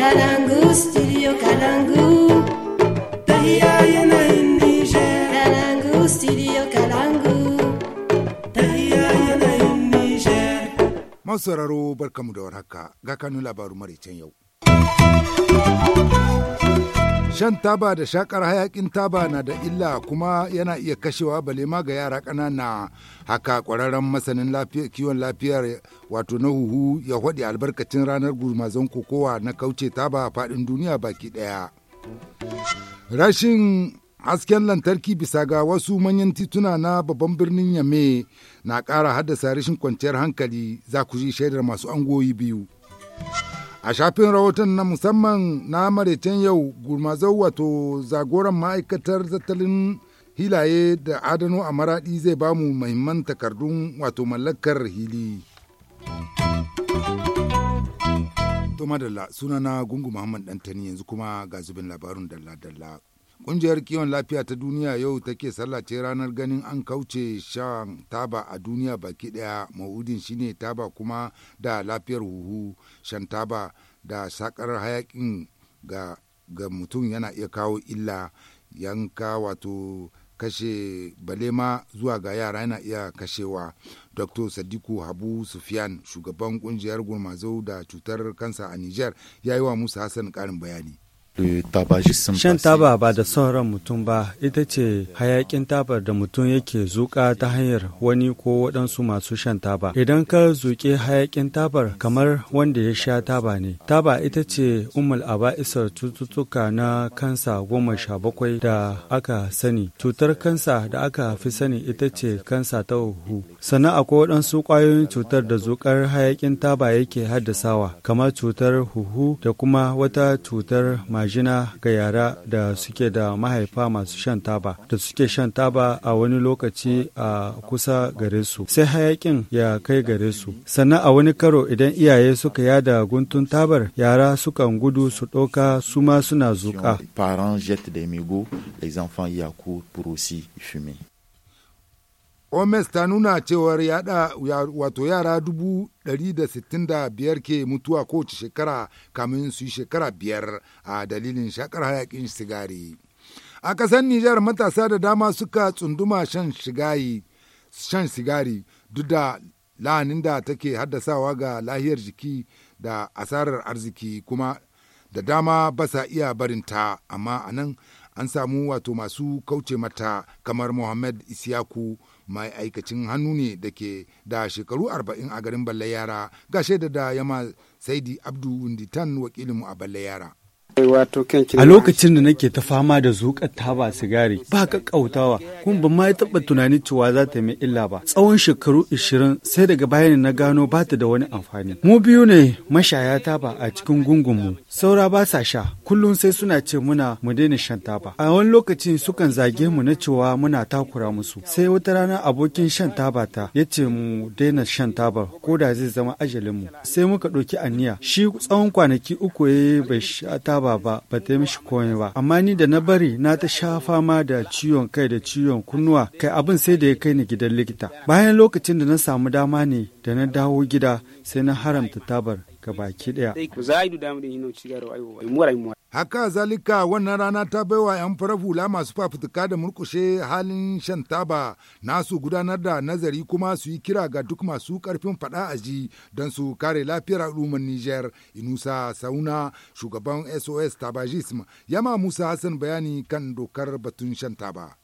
Kalangu, studio Kalangu. Tahiya yanayin Niger. Kalangu, studio Kalangu. Tahiya yanayin Nijar. Masauraro barkamu da warhaka ga kanun labaru maraicen yau. Shan taba da shakar hayakin taba na da illa kuma yana iya kashewa ma ga yara ƙanana haka ƙwararren masanin kiwon lafiyar wato na huhu ya haɗe albarkacin ranar gurmazon kokowa na kauce taba faɗin duniya baki ɗaya. Rashin hasken lantarki bisa ga wasu manyan tituna na babban birnin Yame na ƙara haddasa rashin kwanciyar hankali za ku ji shaidar masu angoyi biyu. a shafin rahoton na musamman na maraicen yau gurmazau wato zagoran ma'aikatar tattalin hilaye da adano a maraɗi zai ba mu mahimman takardun wato mallakar hili to madalla sunana gungu muhammad dantani yanzu kuma ga zubin labarin dalla-dalla Ƙungiyar kiwon lafiya ta duniya yau take sallace ranar ganin an kauce shan taba a duniya baki ɗaya maudin shine taba kuma da lafiyar huhu shan taba da sakar hayakin ga, ga mutum yana iya kawo illa yanka wato kashe balema zuwa ga yara yana iya kashewa dr sadiku habu sufiyan shugaban kungiyar gurmazau da cutar kansa a niger ya yi wa musa hassan karin bayani Shan taba ba da son ran mutum ba ita ce hayakin tabar da mutum yake zuƙa ta hanyar wani ko waɗansu masu shan taba. Idan ka zuƙe hayakin tabar kamar wanda ya sha taba ne. Taba ita ce umul isar cututtuka na kansa goma sha bakwai da aka sani. Cutar kansa da aka fi sani ita ce kansa ta huhu. Sannan akwai waɗansu ƙwayoyin cutar da zuƙar hayakin taba yake haddasawa kamar cutar huhu da kuma wata cutar maji. majina ga yara da suke da mahaifa masu shan taba da suke shan taba a wani lokaci a kusa gare su sai hayakin ya kai gare su sannan a wani karo idan iyaye suka yada guntun tabar yara sukan gudu su ɗauka su ma suna zuƙa omes ta nuna cewar yada wato yara dubu biyar ke mutuwa kowace shekara kamin su yi shekara biyar a dalilin shakar hayakin sigari a ƙasar nijar matasa da dama suka tsunduma shan shan sigari duk da la'anin da take haddasawa ga lahiyar jiki da asarar arziki kuma da dama ba sa iya barinta amma a nan an samu wato masu kauce mata kamar Mohammed Isiyaku mai aikacin hannu ne da ke da shekaru 40 a garin Balle Yara ga shaida da Yama Saidi Abdu Winditan wakilinmu a Balle Yara. A lokacin da nake ta fama da zuƙar taba sigari ba kakkautawa kuma ba ma taɓa tunani cewa za ta mai illa ba. Tsawon shekaru 20 sai daga bayan na gano ba ta da wani amfani. Mu biyu ne mashaya taba a cikin gungunmu. Saura ba sa sha kullum sai suna ce muna mu daina shan taba. A wani lokacin sukan zage mu na cewa muna takura musu. Sai wata rana abokin shan taba ta ya ce mu daina shan taba ko da zai zama ajalinmu. Sai muka ɗauki aniya. Shi tsawon kwanaki uku bai sha taba ba ba ba ta mishi komai ba amma ni da na bari na ta sha fama da ciwon kai da ciwon kunnuwa kai abin sai da ya kai ni gidan likita bayan lokacin da na samu dama ne da na dawo gida sai na haramta tabar ga baki daya Haka zalika wannan rana ta baiwa 'yan farar hula masu fafutuka da murkushe halin shan taba nasu gudanar da nazari kuma su yi kira ga duk masu karfin fada a ji don su kare lafiyar al'ummar niger Inusa Sauna shugaban SOS Tabajism Yama Musa Hassan bayani kan dokar batun shan taba.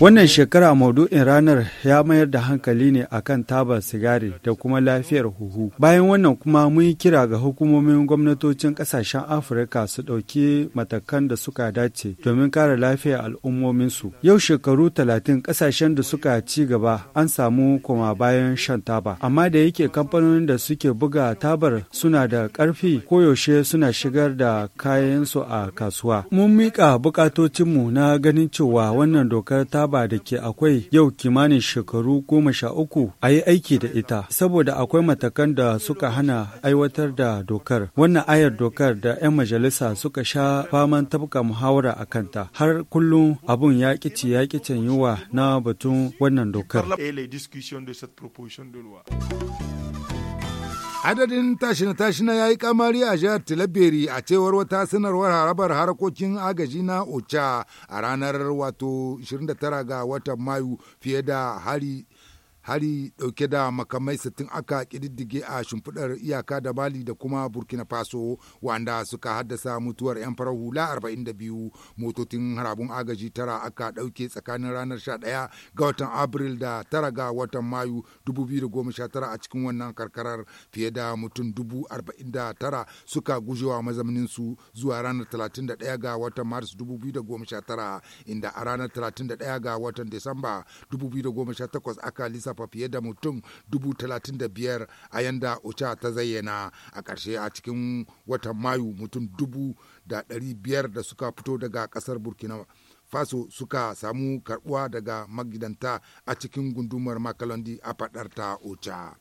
Wannan shekara maudu'in ranar ya mayar da hankali ne a kan tabar sigari da kuma lafiyar huhu. Bayan wannan kuma mun yi kira ga hukumomin gwamnatocin kasashen Afirka su ɗauki matakan da suka dace domin kare lafiyar al'ummominsu. Yau shekaru talatin kasashen da suka ci gaba an samu koma bayan shan taba. Amma da yake kamfanonin da suke buga tabar suna da ƙarfi koyaushe suna shigar da kayansu a kasuwa. Mun miƙa bukatocinmu na ganin cewa wannan dokar taba da ke akwai yau kimanin shekaru goma sha uku a yi aiki da ita saboda akwai matakan da suka hana aiwatar da dokar wannan ayar dokar da 'yan majalisa suka sha faman tabka muhawara a kanta har kullum abun ya kici ya kicin yiwa na batun wannan dokar. Adadin tashin tashina ya yi kamari a jihar Tilaberi a cewar wata sanarwar harabar harkokin agaji na Ocha a ranar wato 29 ga watan Mayu fiye da hari hari dauke da makamai sittin aka kididdige a shimfiɗar iyaka da mali da kuma burkina faso wanda suka haddasa mutuwar 'yan farar hula 42 motocin harabun agaji tara aka ɗauke tsakanin ranar 11 ga watan abril da tara ga watan mayu 2019 a cikin wannan karkarar fiye da mutum 49 suka gujewa su zuwa ranar 31 ga watan maris 2019 inda a ranar 31 ga watan disamba 2018 aka lissafa shafa fiye da mutum dubu talatin da biyar a yanda uca ta zayyana a ƙarshe a cikin watan mayu mutum dubu da ɗari da suka fito daga ƙasar burkina faso suka samu karbuwa daga magidanta a cikin gundumar makalondi a faɗarta uca.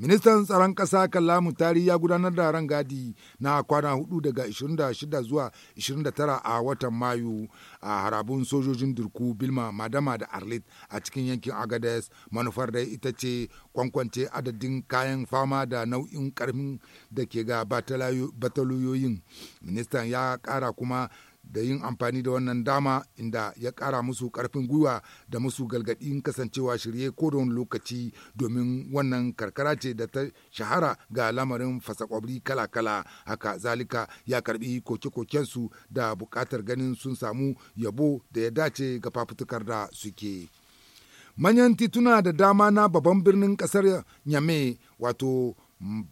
Ministan tsaron ƙasa Kallamu Tari ya gudanar da gadi na kwana hudu daga 26 zuwa 29 a watan Mayu a harabun sojojin Durku, Bilma, Madama da Arlit a cikin yankin Agades. Manufar da ita ce kwankwance adadin kayan fama da nau'in karfin da ke ga bataliyoyin. Ministan ya kara kuma da yin amfani da wannan dama inda ya kara musu karfin gwiwa da musu galgadin kasancewa shirye ko da wani lokaci domin wannan karkara ce da ta shahara ga lamarin fasakwabri kala-kala haka zalika ya karbi koke koken su da bukatar ganin sun samu yabo da ya dace ga fafutukar da suke. manyan tituna da dama na babban birnin kasar nyame wato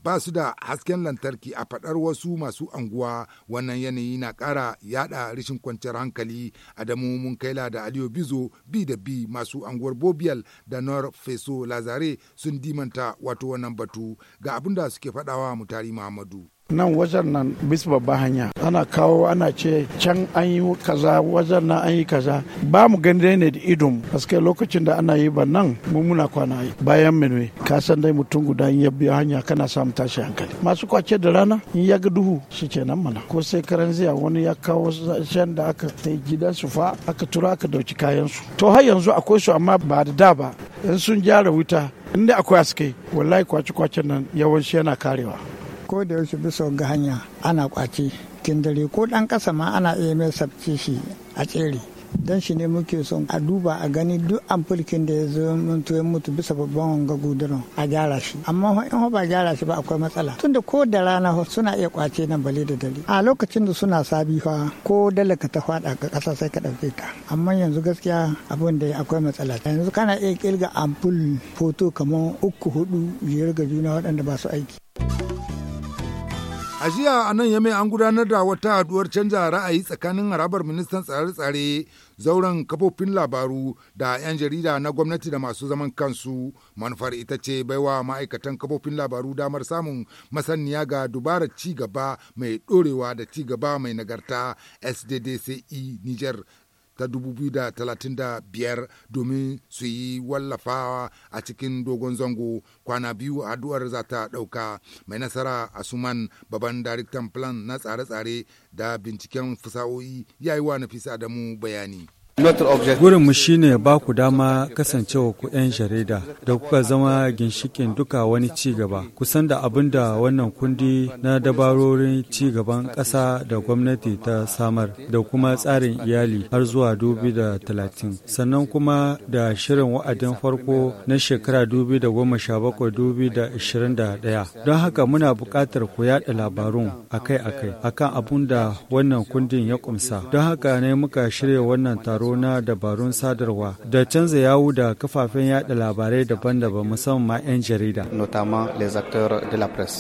ba su da hasken lantarki a faɗar wasu masu anguwa wannan yanayi na ƙara yada rashin kwanciyar hankali adamu mun kaila da aliyu bizo bi da bi masu anguwar bobiyal da nor feso lazare sun dimanta wato wannan batu ga abin da suke faɗawa mutari muhammadu nan wajen nan bis babban hanya ana kawo ana ce can an yi kaza wajen nan an yi kaza ba mu gani ne da idon paske lokacin da ana yi ba nan mu muna kwana bayan minuwe ka san dai mutum guda ya biyo hanya kana samu tashi hankali masu kwace da rana in ya ga duhu shi ke nan mana ko sai karan ziya wani ya kawo shan da aka ta gidan su fa aka tura aka dauki kayan su to har yanzu akwai su amma ba da da ba in sun gyara wuta inda akwai aske wallahi kwace-kwacen nan yawanci yana karewa ko da yaushe bisa ga hanya ana kwace kin dare ko dan kasa ma ana iya mai sabce shi a tsere don shi ne muke son a duba a gani duk amfulkin da ya zo mutu ya mutu bisa babban wanga guduran a gyara shi amma in ba gyara shi ba akwai matsala tunda ko da rana suna iya kwace nan bale da dare a lokacin da suna sabi fa ko dalaka ta fada ga kasa sai ka dauke ta amma yanzu gaskiya abin da akwai matsala yanzu kana iya kirga ampul foto kamar uku hudu biyar ga juna waɗanda ba su aiki. A jiya a nan Yame an gudanar da wata haduwar canza ra'ayi tsakanin harabar ministan tsare-tsare zauren kafofin labaru da 'yan jarida na gwamnati da masu zaman kansu manufar ita ce baiwa ma'aikatan kafofin labaru damar samun masaniya ga dubarar ci gaba mai dorewa da ci gaba mai nagarta SDDCE Niger ta 2035 domin su yi wallafawa a cikin dogon zango kwana biyu addu'ar za ta ɗauka mai nasara a suman babban daraktan plan na tsare-tsare da binciken fasahohi ya yi wa nafisa adamu bayani Gurinmu shi ne ba ku dama kasancewa ku 'yan jarida da kuka zama ginshikin duka wani ci gaba. Kusan da abin da wannan kundi na dabarorin ci gaban ƙasa da gwamnati ta samar da kuma tsarin iyali har zuwa talatin, Sannan kuma da shirin wa'adin farko na shekara ɗaya, Don haka muna buƙatar ku yaɗa labarun akai-akai akan abin da wannan kundin ya ƙumsa. Don haka ne muka shirya wannan taro tsaro na dabarun sadarwa da canza yawu da kafafen yada labarai daban-daban musamman 'yan jarida.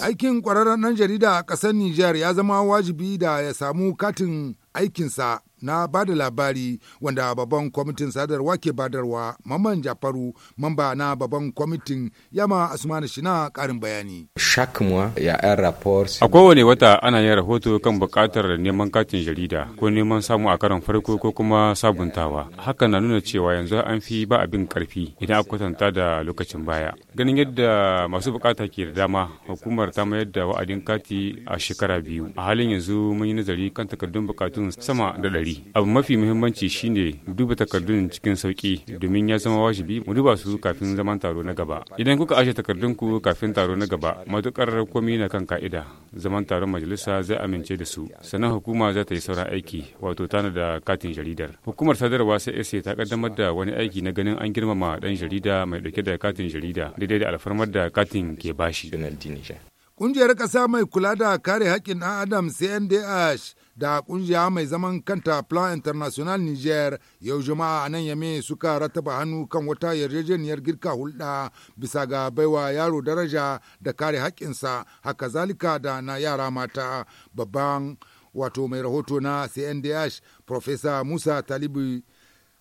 Aikin kwararren ɗan jarida a ƙasar Nijar ya zama wajibi da ya samu katin aikinsa na ba da labari wanda babban kwamitin sadarwa ke badarwa maman jafaru mamba na babban kwamitin yama asmanu shina karin bayani a kowane wata ana yin rahoto kan bukatar neman katin jarida ko neman samu a karon farko ko kuma sabuntawa hakan na nuna cewa yanzu an fi ba abin karfi idan aka kwatanta da lokacin baya ganin yadda masu bukata ke da dama hukumar ta mayar da wa'adin kati a shekara biyu a halin yanzu mun yi nazari kan takardun bukatun sama da ɗari abu mafi muhimmanci shine duba takardun cikin sauki domin ya zama wajibi mu duba su kafin zaman taro na gaba idan kuka ashe takardun ku kafin taro na gaba matukar komi na kan ka'ida zaman taron majalisa zai amince da su sannan hukuma za ta yi sauran aiki wato tana da katin jaridar hukumar sadarwa sai sa ta kaddamar da wani aiki na ganin an girmama dan jarida mai dauke da katin jarida daidai da alfarmar da katin ke bashi Ƙungiyar kasa mai kula da kare haƙƙin ɗan Adam CNDH da kungiya mai zaman kanta Plan International Niger yau juma'a a nan yame suka rataba hannu kan wata yarjejeniyar girka hulɗa bisa ga baiwa yaro daraja da kare haƙƙinsa haka zalika da na yara mata babban wato mai rahoto na CNDH Profesa Musa Talibu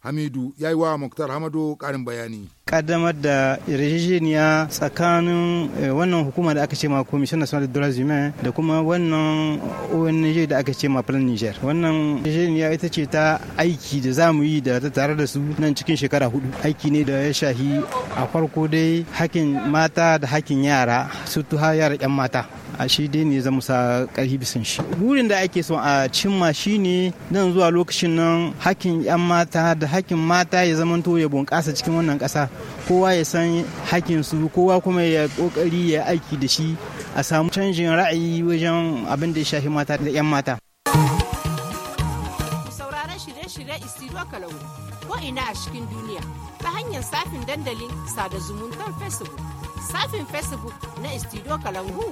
Hamidu ya yi wa Muktar Hamadu ƙarin bayani. kaddamar da yarjejeniya tsakanin eh, wannan hukuma da aka ce ma commission national de droits humains da kuma wannan ONG da aka ce ma plan Niger wannan yarjejeniya ita ce ta aiki da zamu yi da ta tare da su nan cikin shekara hudu aiki ne da ya shahi a farko dai hakin mata da hakin yara su tuha yara yan mata a shi dai ne zamu sa ƙarfi bisan shi burin da ake so a cimma shi ne nan zuwa lokacin nan hakkin 'yan mata da hakkin mata ya to ya bunƙasa cikin wannan ƙasa kowa ya san hakkin su kowa kuma ya ƙoƙari ya aiki da shi a samu canjin ra'ayi wajen abin da ya shafi mata da 'yan mata shirye-shirye ko ina a cikin duniya ta hanyar safin dandalin sada zumuntar facebook safin facebook na istiro kalangu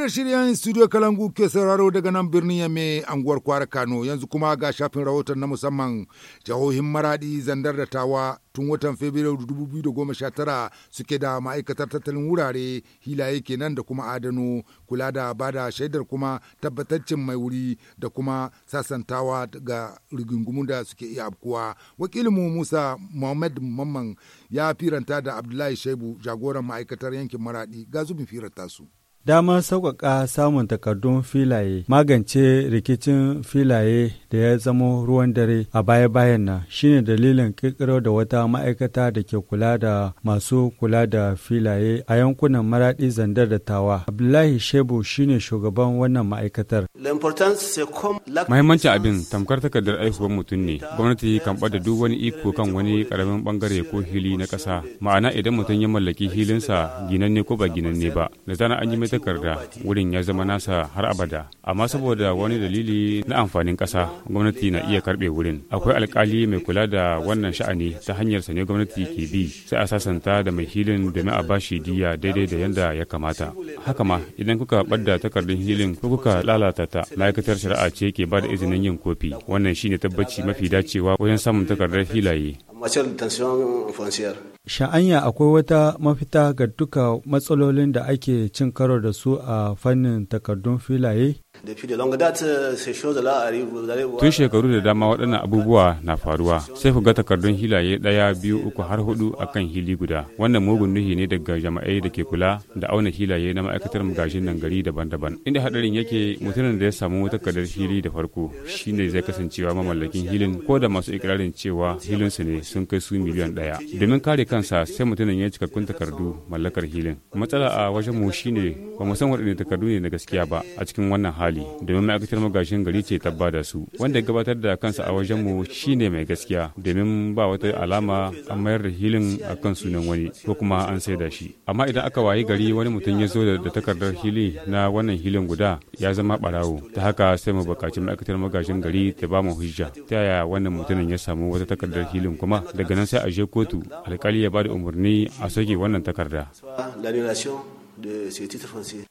Shirye-shiryen Studio Kalangu ke sauraro daga nan birnin Yame anguwar Kwara Kano yanzu kuma ga shafin rahoton na musamman jihohin Maradi Zandar da Tawa tun watan Fabrairu 2019 suke da ma'aikatar tattalin wurare hilaye ke nan da kuma adano kula da bada shaidar kuma tabbataccen mai wuri da kuma sasantawa ga rigingumu da suke iya afkuwa. Wakilinmu Musa Muhammad Mamman ya firanta da Abdullahi Shaibu jagoran ma'aikatar yankin Maradi ga zubin firanta su. damar sauƙaƙa samun takardun filaye magance rikicin filaye da ya zama ruwan dare a baya-bayan nan shine dalilin ƙirƙiro da wata ma'aikata da ke kula da masu kula da filaye a yankunan maraɗi zandar da tawa abdullahi shebu shine shugaban wannan ma'aikatar mahimmancin abin tamkar takardar aihuwar mutum ne gwamnati kan bada duk wani iko kan wani ƙaramin bangare ko hili na ƙasa ma'ana idan mutum ya mallaki hilinsa ginanne ko ba ginanne ba da zana an yi takarda wurin ya zama nasa har abada amma saboda wani dalili na amfanin ƙasa gwamnati na iya karɓe wurin akwai alkali mai kula da wannan sha'ani ta hanyar sa gwamnati ke bi sai a sasanta da mai hilin domin a bashi diya daidai da yadda ya kamata haka ma idan kuka ɓadda takardun hilin ko kuka lalata ta ma'aikatar shari'a ce ke ba da izinin yin kofi wannan shine tabbaci mafi dacewa wajen samun takardar filaye. sha'anya akwai wata mafita ga duka matsalolin da ake cin karo da su a fannin takardun filaye? Tun shekaru da dama waɗannan abubuwa na faruwa sai ku ga takardun hilaye ɗaya biyu uku har hudu a kan hili guda wannan mugun nuhi ne daga jama'ai da ke kula da auna hilaye na ma'aikatar magajin nan gari daban-daban inda haɗarin yake mutumin da ya samu takardar hili da farko shine zai kasancewa mamallakin hilin ko da masu ikirarin cewa hilinsu ne sun kai su miliyan ɗaya domin kare kan kansa sai mutumin ya cikakkun takardu mallakar hilin matsala a wajen mu shine ba mu san waɗanne takardu ne na gaskiya ba a cikin wannan hali domin ma'aikatar magashin gari ce tabba da su wanda ya gabatar da kansa a wajen mu shi ne mai gaskiya domin ba wata alama an mayar da hilin a kan sunan wani ko kuma an da shi amma idan aka wayi gari wani mutum ya zo da takardar hili na wannan hilin guda ya zama barawo ta haka sai mu bukaci ma'aikatar magashin gari ta ba mu hujja ta yaya wannan mutumin ya samu wata takardar hilin kuma daga nan sai a je kotu alƙali ya ba da umarni a soke wannan takarda.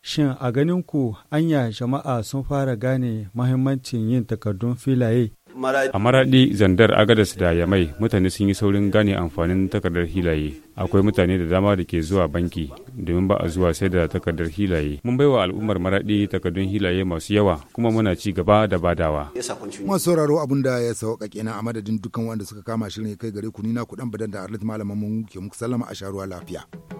Shin a ganin ku anya jama'a sun fara gane mahimmancin yin takardun filaye A maraɗi zandar agadas da ya mai mutane sun yi saurin gane amfanin takardar hilaye. Akwai mutane da dama da ke zuwa banki domin ba a zuwa sai da takardar hilaye. Mun baiwa al'ummar maraɗi takardun hilaye masu yawa kuma muna ci gaba da badawa. Masu sauraro abun da ya sauka kenan a madadin dukkan wanda suka kama shirin kai gare ku ni na kuɗan badan da Arlit malamin mu ke muku sallama a sharuwa lafiya.